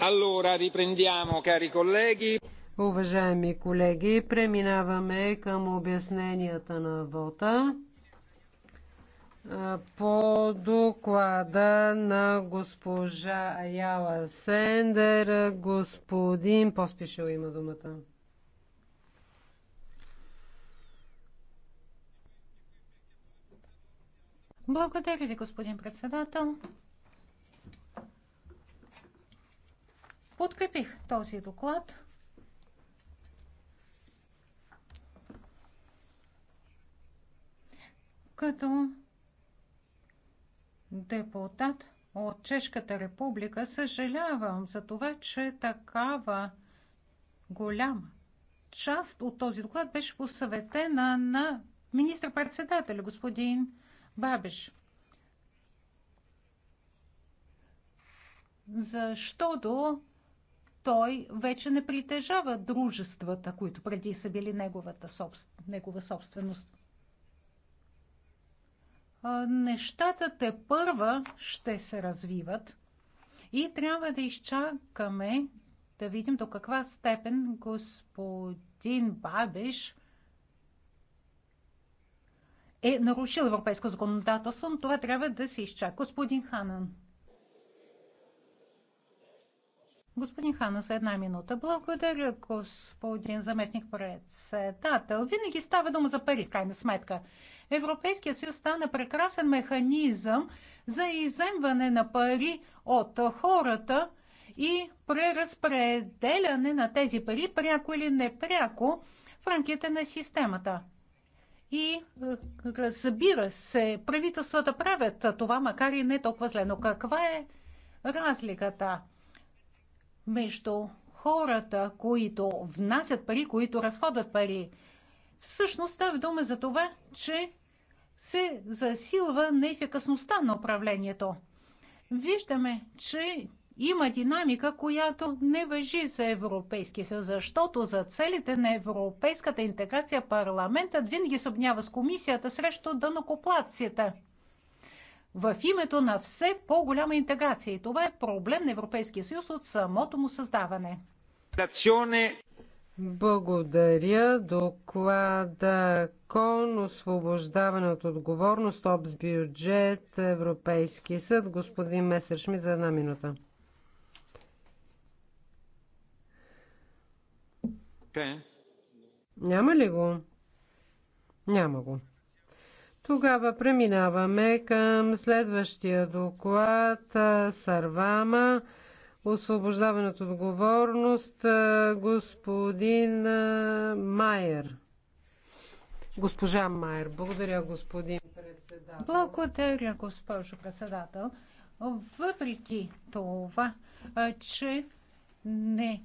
Allora, riprendiamo, cari colleghi. Уважаеми колеги, преминаваме към обясненията на вота по доклада на госпожа Аяла Сендер. Господин Поспишел има думата. Благодаря ви, господин председател. подкрепих този доклад. Като депутат от Чешката република съжалявам за това, че такава голяма част от този доклад беше посъветена на министър-председателя господин Бабиш. Защото той вече не притежава дружествата, които преди са били неговата собствен, негова собственост. Нещата те първа ще се развиват и трябва да изчакаме да видим до каква степен господин Бабиш е нарушил европейско законодателство, но това трябва да се изчака. Господин Ханан. Господин Хана, за една минута. Благодаря, господин заместник председател. Винаги става дума за пари, в крайна сметка. Европейския съюз стана прекрасен механизъм за иземване на пари от хората и преразпределяне на тези пари, пряко или непряко, в рамките на системата. И разбира се, правителствата правят това, макар и не толкова зле. Но каква е разликата? между хората, които внасят пари, които разходват пари. Всъщност става дума за това, че се засилва неефикасността на управлението. Виждаме, че има динамика, която не въжи за Европейския съюз, защото за целите на европейската интеграция парламентът винаги съобнява с комисията срещу дънокоплацията в името на все по-голяма интеграция. И това е проблем на Европейския съюз от самото му създаване. Благодаря. Доклада Кон, освобождаване от отговорност, ОБС бюджет, Европейски съд. Господин Месершмит за една минута. Okay. Няма ли го? Няма го. Тогава преминаваме към следващия доклад Сарвама. Освобождаване от отговорност господин Майер. Госпожа Майер, благодаря господин председател. Благодаря, госпожо председател. Въпреки това, че не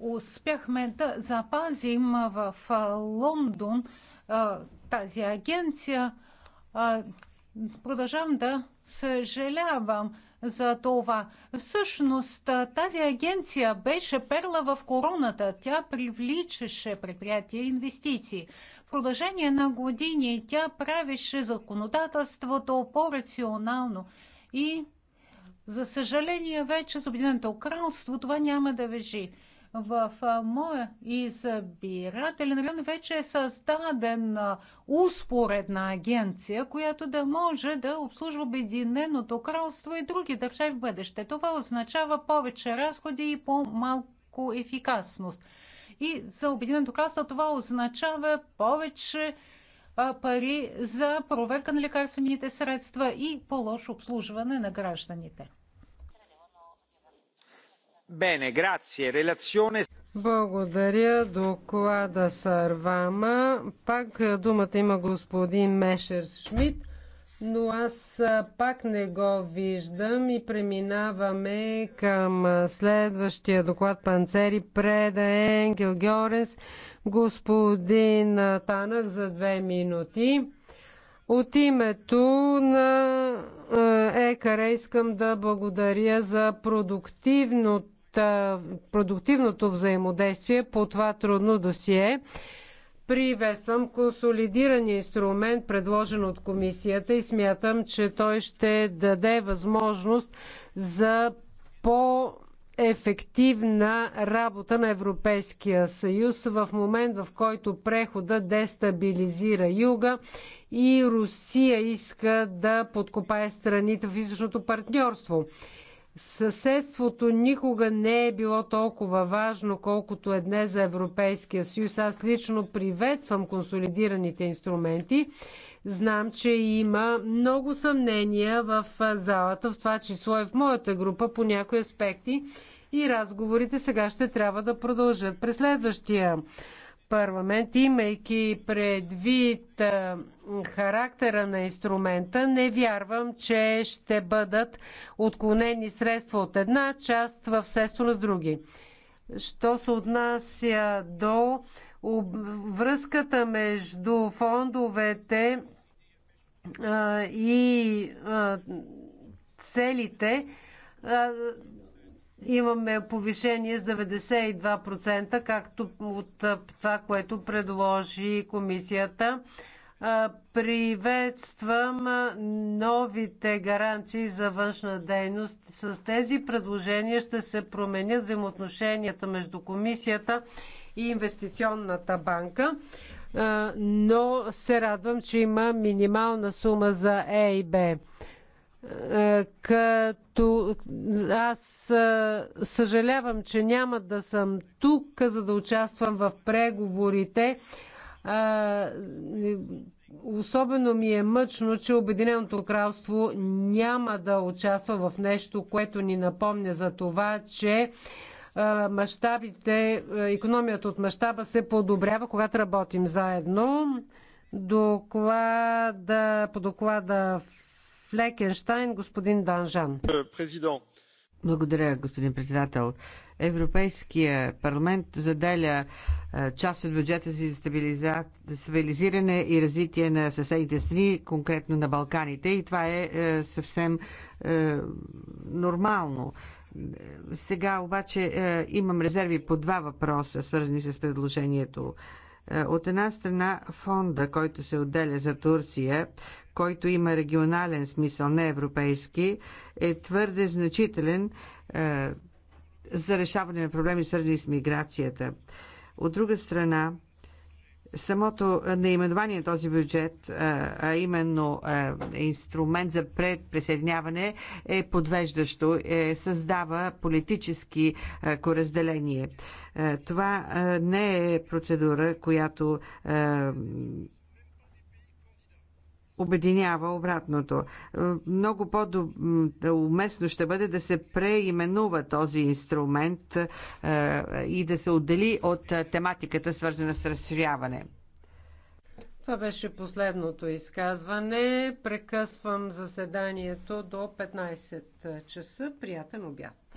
успяхме да запазим в Лондон тази агенция. Продължавам да съжалявам за това. Всъщност тази агенция беше перла в короната. Тя привличаше предприятия и инвестиции. В продължение на години тя правеше законодателството по-рационално и за съжаление вече с Обединеното кралство това няма да вежи. В моя избирателен район вече е създаден успоредна агенция, която да може да обслужва Обединеното кралство и други държави в бъдеще. Това означава повече разходи и по-малко ефикасност. И за Обединеното кралство това означава повече пари за проверка на лекарствените средства и по-лошо обслужване на гражданите. Благодаря. Доклада Сарвама. Пак е, думата има господин Мешер Шмидт, но аз е, пак не го виждам и преминаваме към е, следващия доклад Панцери, Преда, Енгел, Георенс, господин Танък за две минути. От името на ЕКАРЕ искам да благодаря за продуктивното продуктивното взаимодействие по това трудно досие. Приветствам консолидирания инструмент, предложен от комисията и смятам, че той ще даде възможност за по ефективна работа на Европейския съюз в момент, в който прехода дестабилизира юга и Русия иска да подкопае страните в източното партньорство. Съседството никога не е било толкова важно, колкото е днес за Европейския съюз. Аз лично приветствам консолидираните инструменти. Знам, че има много съмнения в залата, в това число и е в моята група по някои аспекти. И разговорите сега ще трябва да продължат през следващия парламент, имайки предвид характера на инструмента, не вярвам, че ще бъдат отклонени средства от една част в средство на други. Що се отнася до връзката между фондовете и целите, имаме повишение с 92%, както от това, което предложи комисията. Приветствам новите гаранции за външна дейност. С тези предложения ще се променят взаимоотношенията между комисията и инвестиционната банка. Но се радвам, че има минимална сума за Е и Б. Е, като аз е, съжалявам, че няма да съм тук, за да участвам в преговорите. Е, особено ми е мъчно, че Обединеното кралство няма да участва в нещо, което ни напомня за това, че мащабите, економията от мащаба се подобрява, когато работим заедно. Доклада, по доклада Флекенштайн, господин Данжан. Благодаря, господин председател. Европейския парламент заделя е, част от бюджета си за стабилизиране и развитие на съседните страни, конкретно на Балканите. И това е, е съвсем е, нормално. Сега обаче имам резерви по два въпроса, свързани с предложението. От една страна фонда, който се отделя за Турция, който има регионален смисъл, не европейски, е твърде значителен е, за решаване на проблеми, свързани с миграцията. От друга страна, самото наименование на този бюджет, е, а именно е, инструмент за предприсъединяване, е подвеждащо, е, създава политически е, коразделение. Това не е процедура, която обединява обратното. Е, много по-уместно ще бъде да се преименува този инструмент е, и да се отдели от е, тематиката, свързана с разширяване. Това беше последното изказване. Прекъсвам заседанието до 15 часа. Приятен обяд!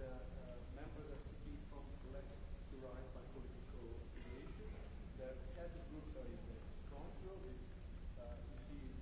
the members of cities from left to right by political affiliation. The heads of groups are in the strong row. Is, uh, you see